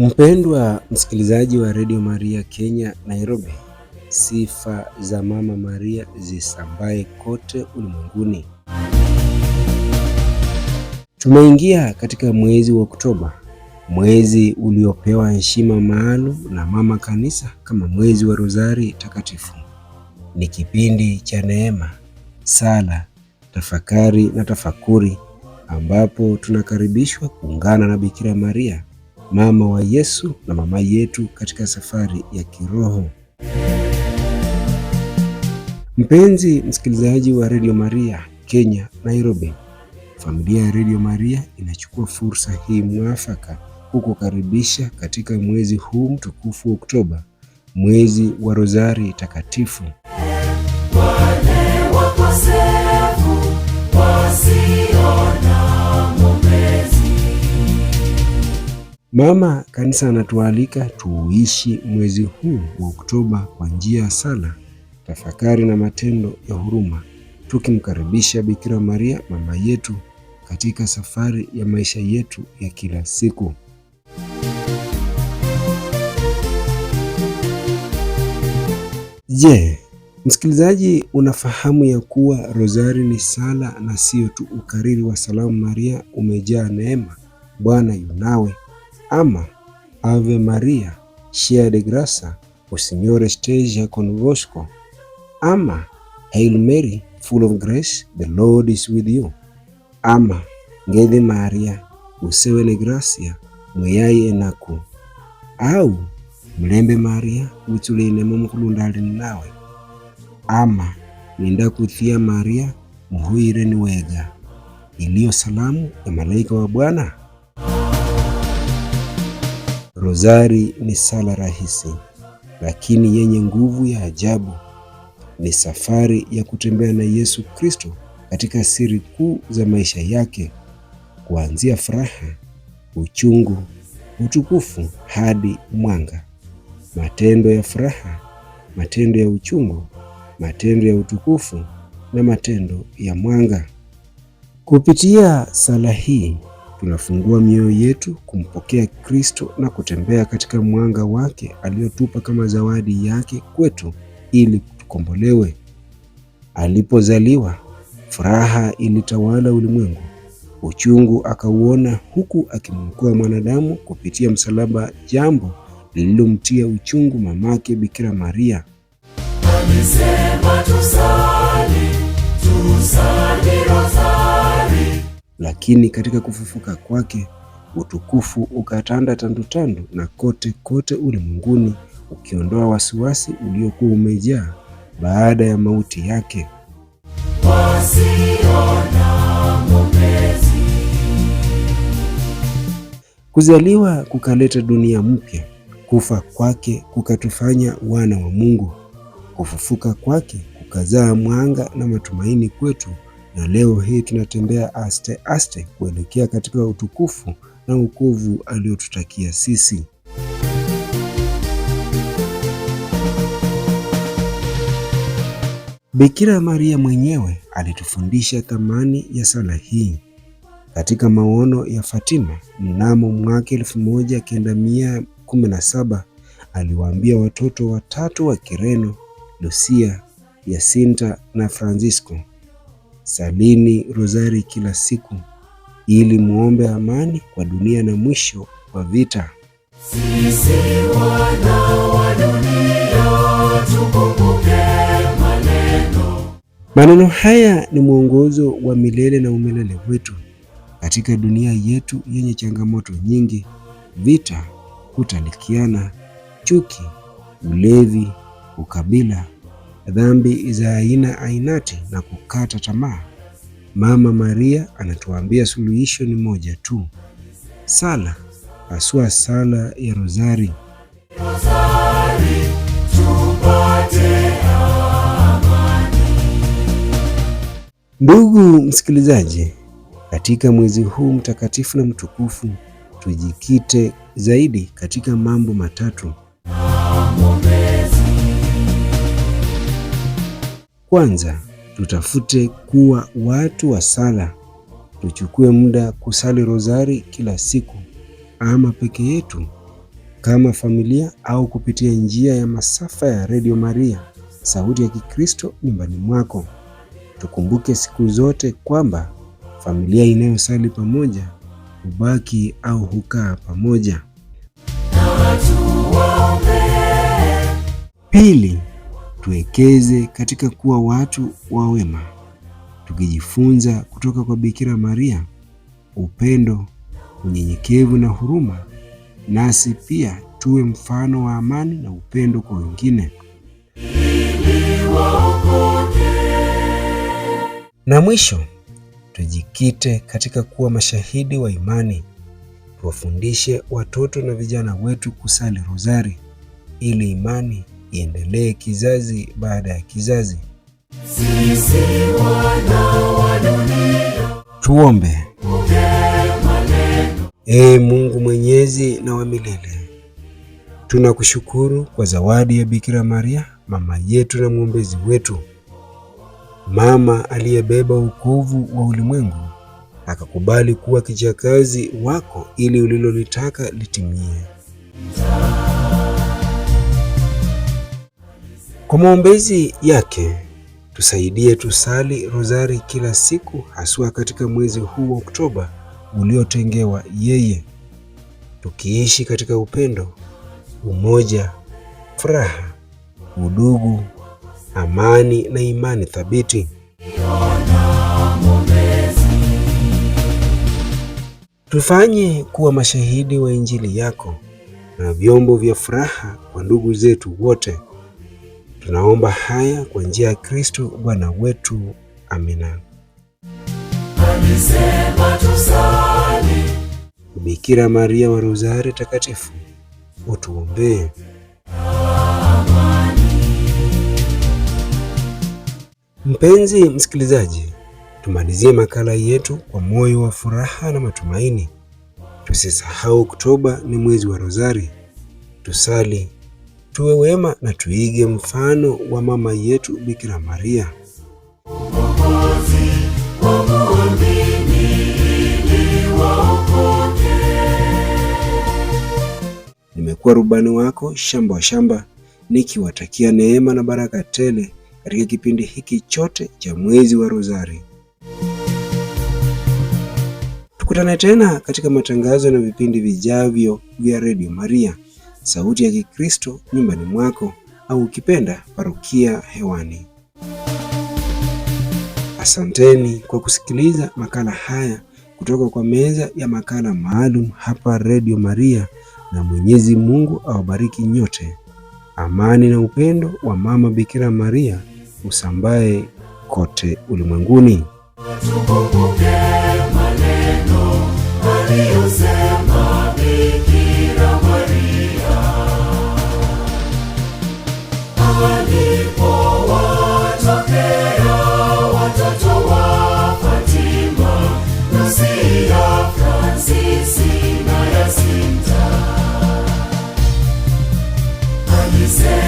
Mpendwa msikilizaji wa Radio Maria Kenya Nairobi, sifa za Mama Maria zisambae kote ulimwenguni. Tumeingia katika mwezi wa Oktoba, mwezi uliopewa heshima maalum na Mama Kanisa kama mwezi wa Rozari Takatifu. Ni kipindi cha neema, sala, tafakari na tafakuri ambapo tunakaribishwa kuungana na Bikira Maria mama wa Yesu na mama yetu katika safari ya kiroho. Mpenzi msikilizaji wa Radio Maria Kenya, Nairobi, familia ya Radio Maria inachukua fursa hii mwafaka kukukaribisha katika mwezi huu mtukufu wa Oktoba, mwezi wa Rozari Takatifu. Wale wakosefu wasi Mama Kanisa anatualika tuuishi mwezi huu wa Oktoba kwa njia ya sala, tafakari na matendo ya huruma, tukimkaribisha Bikira Maria mama yetu katika safari ya maisha yetu ya kila siku. Je, msikilizaji, unafahamu ya kuwa rozari ni sala na sio tu ukariri wa salamu Maria, umejaa neema, Bwana yunawe ama Ave Maria cheia de graça, o Senhor esteja convosco, ama Hail Mary full of grace, the Lord is with you, ama Gede Maria usewe ne gracia mweyaye enaku au mlembe Maria utulilemo mukulundalini nawe ama kuthia Maria muhuire ni wega iliyo salamu ya malaika wa Bwana Rozari ni sala rahisi lakini yenye nguvu ya ajabu. Ni safari ya kutembea na Yesu Kristo katika siri kuu za maisha yake, kuanzia furaha, uchungu, utukufu hadi mwanga. Matendo ya furaha, matendo ya uchungu, matendo ya utukufu na matendo ya mwanga. Kupitia sala hii tunafungua mioyo yetu kumpokea Kristo na kutembea katika mwanga wake aliotupa kama zawadi yake kwetu ili tukombolewe. Alipozaliwa, furaha ilitawala ulimwengu. Uchungu akauona huku akimwokoa mwanadamu kupitia msalaba, jambo lililomtia uchungu mamake Bikira Maria. Amisema tusali, tusali rosa lakini katika kufufuka kwake utukufu ukatanda tandutandu na kote kote ulimwenguni, ukiondoa wasiwasi uliokuwa umejaa baada ya mauti yake. Kuzaliwa kukaleta dunia mpya, kufa kwake kukatufanya wana wa Mungu, kufufuka kwake kukazaa mwanga na matumaini kwetu na leo hii tunatembea aste aste kuelekea katika utukufu na ukovu aliotutakia sisi. Bikira Maria mwenyewe alitufundisha thamani ya sala hii katika maono ya Fatima mnamo mwaka saba aliwaambia watoto watatu wa Kireno, Lucia, Yasinta na Francisco salini rozari kila siku ili muombe amani kwa dunia na mwisho wa vita. Sisi wana wa dunia tukumbuke maneno. Maneno haya ni mwongozo wa milele na umilele wetu katika dunia yetu yenye changamoto nyingi: vita, kutalikiana, chuki, ulevi, ukabila dhambi za aina ainati na kukata tamaa. Mama Maria anatuambia suluhisho ni moja tu, sala, haswa sala ya rozari. Ndugu msikilizaji, katika mwezi huu mtakatifu na mtukufu tujikite zaidi katika mambo matatu Amen. Kwanza tutafute kuwa watu wa sala, tuchukue muda kusali rozari kila siku, ama peke yetu kama familia, au kupitia njia ya masafa ya Radio Maria, sauti ya Kikristo nyumbani mwako. Tukumbuke siku zote kwamba familia inayosali pamoja hubaki au hukaa pamoja. Pili, tuwekeze katika kuwa watu wa wema, tukijifunza kutoka kwa Bikira Maria upendo, unyenyekevu na huruma, nasi pia tuwe mfano wa amani na upendo kwa wengine. Na mwisho tujikite katika kuwa mashahidi wa imani, tuwafundishe watoto na vijana wetu kusali rozari ili imani iendelee kizazi baada ya kizazi. Sisi wana wa dunia tuombe. Ee Mungu mwenyezi na wa milele, tunakushukuru kwa zawadi ya Bikira Maria, mama yetu na mwombezi wetu, mama aliyebeba ukovu wa ulimwengu akakubali kuwa kijakazi wako ili ulilolitaka litimie. Kwa maombezi yake tusaidie tusali rozari kila siku, haswa katika mwezi huu wa Oktoba uliotengewa yeye, tukiishi katika upendo, umoja, furaha, udugu, amani na imani thabiti. Tufanye kuwa mashahidi wa Injili yako na vyombo vya furaha kwa ndugu zetu wote. Tunaomba haya kwa njia ya Kristo Bwana wetu. Amina. Alisema tusali. Bikira Maria wa Rozari Takatifu, utuombee. Mpenzi msikilizaji, tumalizie makala yetu kwa moyo wa furaha na matumaini. Tusisahau, Oktoba ni mwezi wa Rozari. Tusali Tuwe wema na tuige mfano wa mama yetu Bikira Maria. Nimekuwa rubani wako Shamba wa Shamba, nikiwatakia neema na baraka tele katika kipindi hiki chote cha mwezi wa Rozari. Tukutane tena katika matangazo na vipindi vijavyo vya Redio Maria. Sauti ya Kikristo nyumbani mwako, au ukipenda Parokia Hewani. Asanteni kwa kusikiliza makala haya kutoka kwa meza ya makala maalum hapa Radio Maria, na Mwenyezi Mungu awabariki nyote. Amani na upendo wa Mama Bikira Maria usambae kote ulimwenguni. say